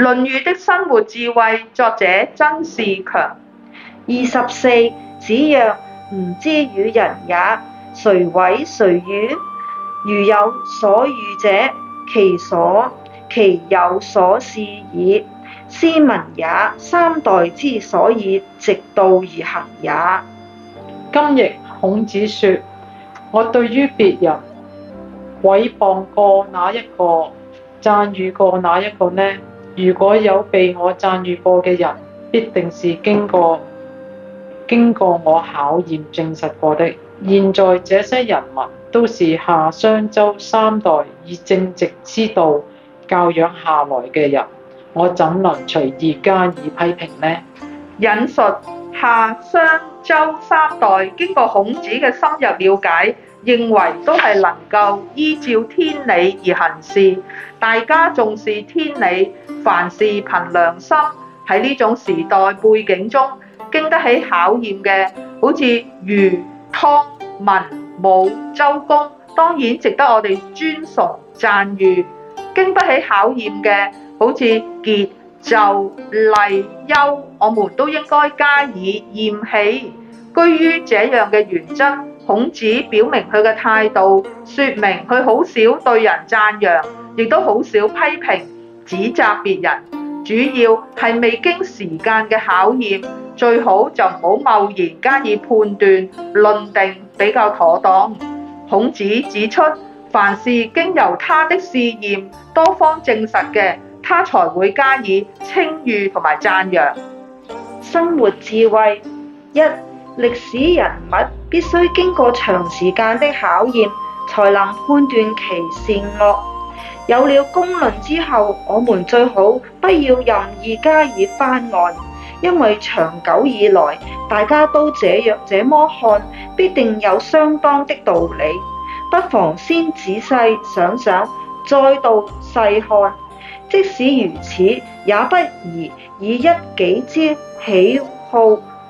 《論語》的生活智慧，作者曾仕強。二十四，子曰：吾知與人也，誰毀誰譽？如有所譽者，其所其有所是矣。斯文也，三代之所以直道而行也。今譯孔子說：我對於別人毀謗過哪一個，贊譽過哪一個呢？如果有被我讚譽過嘅人，必定是經過經過我考驗證實過的。現在這些人物都是夏商周三代以正直之道教養下來嘅人，我怎能隨意加以批評呢？引述夏商周三代經過孔子嘅深入了解。認為都係能夠依照天理而行事，大家重視天理，凡事憑良心。喺呢種時代背景中，經得起考驗嘅，好似禹湯文武周公，當然值得我哋尊崇讚譽；經不起考驗嘅，好似桀紂厲幽，我們都應該加以厭棄。居於這樣嘅原則。孔子表明佢嘅態度，說明佢好少對人讚揚，亦都好少批評指責別人。主要係未經時間嘅考驗，最好就唔好貿然加以判斷論定，比較妥當。孔子指出，凡是經由他的試驗多方證實嘅，他才會加以稱譽同埋讚揚。生活智慧一。歷史人物必須經過長時間的考驗，才能判斷其善惡。有了公論之後，我們最好不要任意加以翻案，因為長久以來大家都這樣這麼看，必定有相當的道理。不妨先仔細想想，再度細看。即使如此，也不宜以一己之喜好。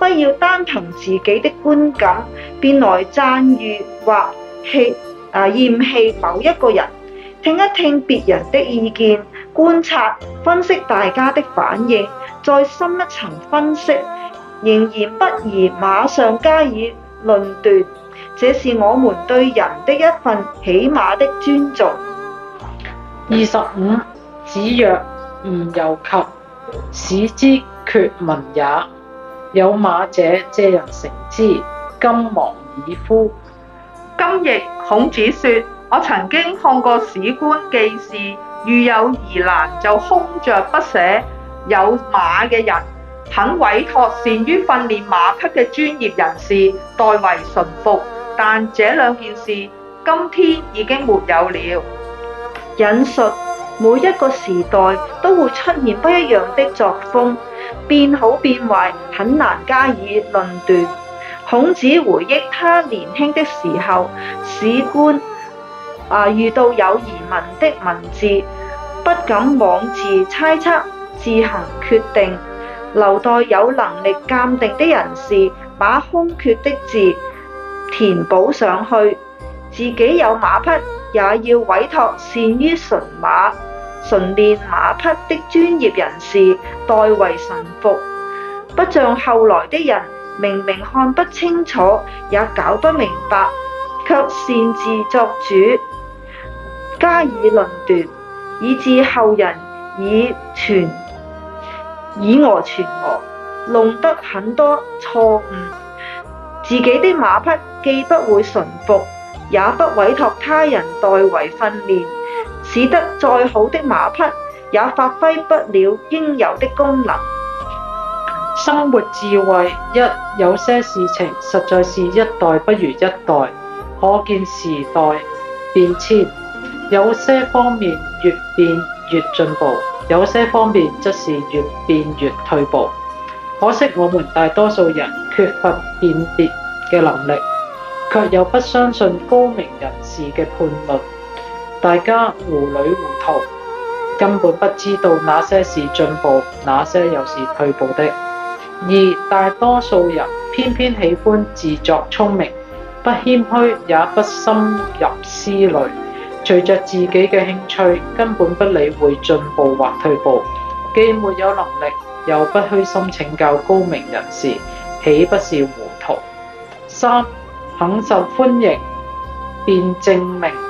不要單憑自己的觀感便來讚譽或棄啊厭棄某一個人，聽一聽別人的意見，觀察分析大家的反應，再深一層分析，仍然不宜馬上加以論斷。這是我們對人的一份起碼的尊重。二十五，子曰：吾猶及，史之闕文也。有馬者借人乘之，今亡矣乎！今譯孔子說：我曾經看過史官記事，遇有疑難就空着不寫。有馬嘅人肯委託善於訓練馬匹嘅專業人士代為馴服，但這兩件事今天已經沒有了。引述每一個時代都會出現不一樣的作風。變好變壞，很難加以論斷。孔子回憶他年輕的時候，史官啊遇到有疑問的文字，不敢妄自猜測，自行決定，留待有能力鑑定的人士把空缺的字填補上去。自己有馬匹，也要委託善於馴馬。訓練馬匹的專業人士代為馴服，不像後來的人明明看不清楚也搞不明白，卻擅自作主加以論斷，以致後人以訛以訛傳訛，弄得很多錯誤。自己的馬匹既不會馴服，也不委託他人代為訓練。使得再好的馬匹也發揮不了應有的功能。生活智慧一，有些事情實在是一代不如一代，可見時代變遷。有些方面越變越進步，有些方面則是越變越退步。可惜我們大多數人缺乏辨別嘅能力，卻又不相信高明人士嘅判斷。大家糊裡糊塗，根本不知道哪些是進步，哪些又是退步的。二，大多數人偏偏喜歡自作聰明，不謙虛，也不深入思慮。隨着自己嘅興趣，根本不理會進步或退步，既沒有能力，又不虛心請教高明人士，豈不是糊塗？三，肯受歡迎，便證明。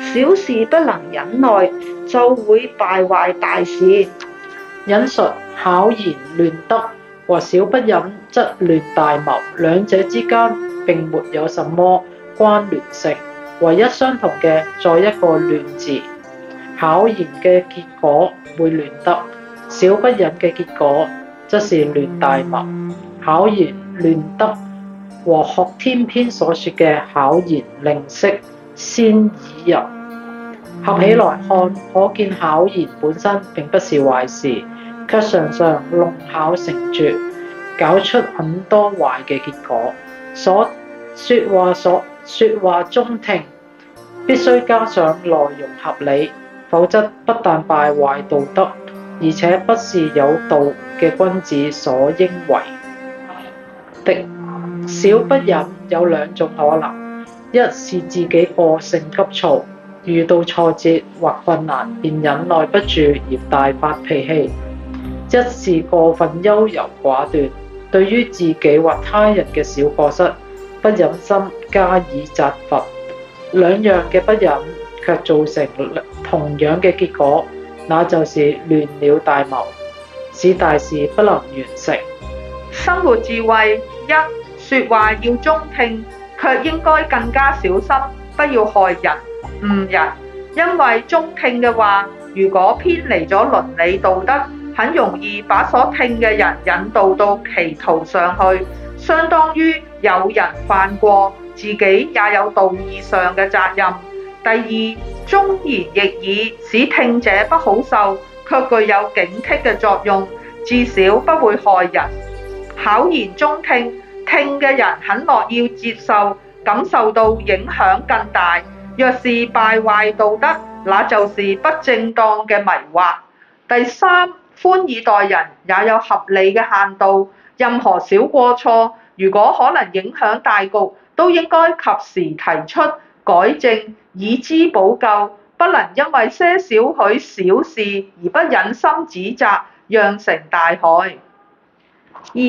小事不能忍耐，就會敗壞大事。引述巧言亂德和小不忍則亂大謀兩者之間並沒有什麼關聯性，唯一相同嘅在一個亂字。巧言嘅結果會亂德，小不忍嘅結果則是亂大謀。巧言亂德和《學而篇》所說嘅巧言令色。先已入，合起來看，可見考言本身並不是壞事，卻常常弄巧成拙，搞出很多壞嘅結果。所說話所說話中聽，必須加上內容合理，否則不但敗壞道德，而且不是有道嘅君子所應為的。小不忍有兩種可能。一是自己個性急躁，遇到挫折或困難便忍耐不住而大發脾氣；一是過分優柔寡斷，對於自己或他人嘅小過失不忍心加以責罰。兩樣嘅不忍卻造成同樣嘅結果，那就是亂了大謀，使大事不能完成。生活智慧一：說話要中聽。卻應該更加小心，不要害人誤人，因為中聽嘅話，如果偏離咗倫理道德，很容易把所聽嘅人引導到歧途上去，相當於有人犯過，自己也有道義上嘅責任。第二，忠言逆耳，使聽者不好受，卻具有警惕嘅作用，至少不會害人。巧言中聽。聽嘅人肯樂要接受，感受到影響更大。若是敗壞道德，那就是不正當嘅迷惑。第三，寬以待人也有合理嘅限度。任何小過錯，如果可能影響大局，都應該及時提出改正，以資補救。不能因為些少許小事而不忍心指責，釀成大害。二。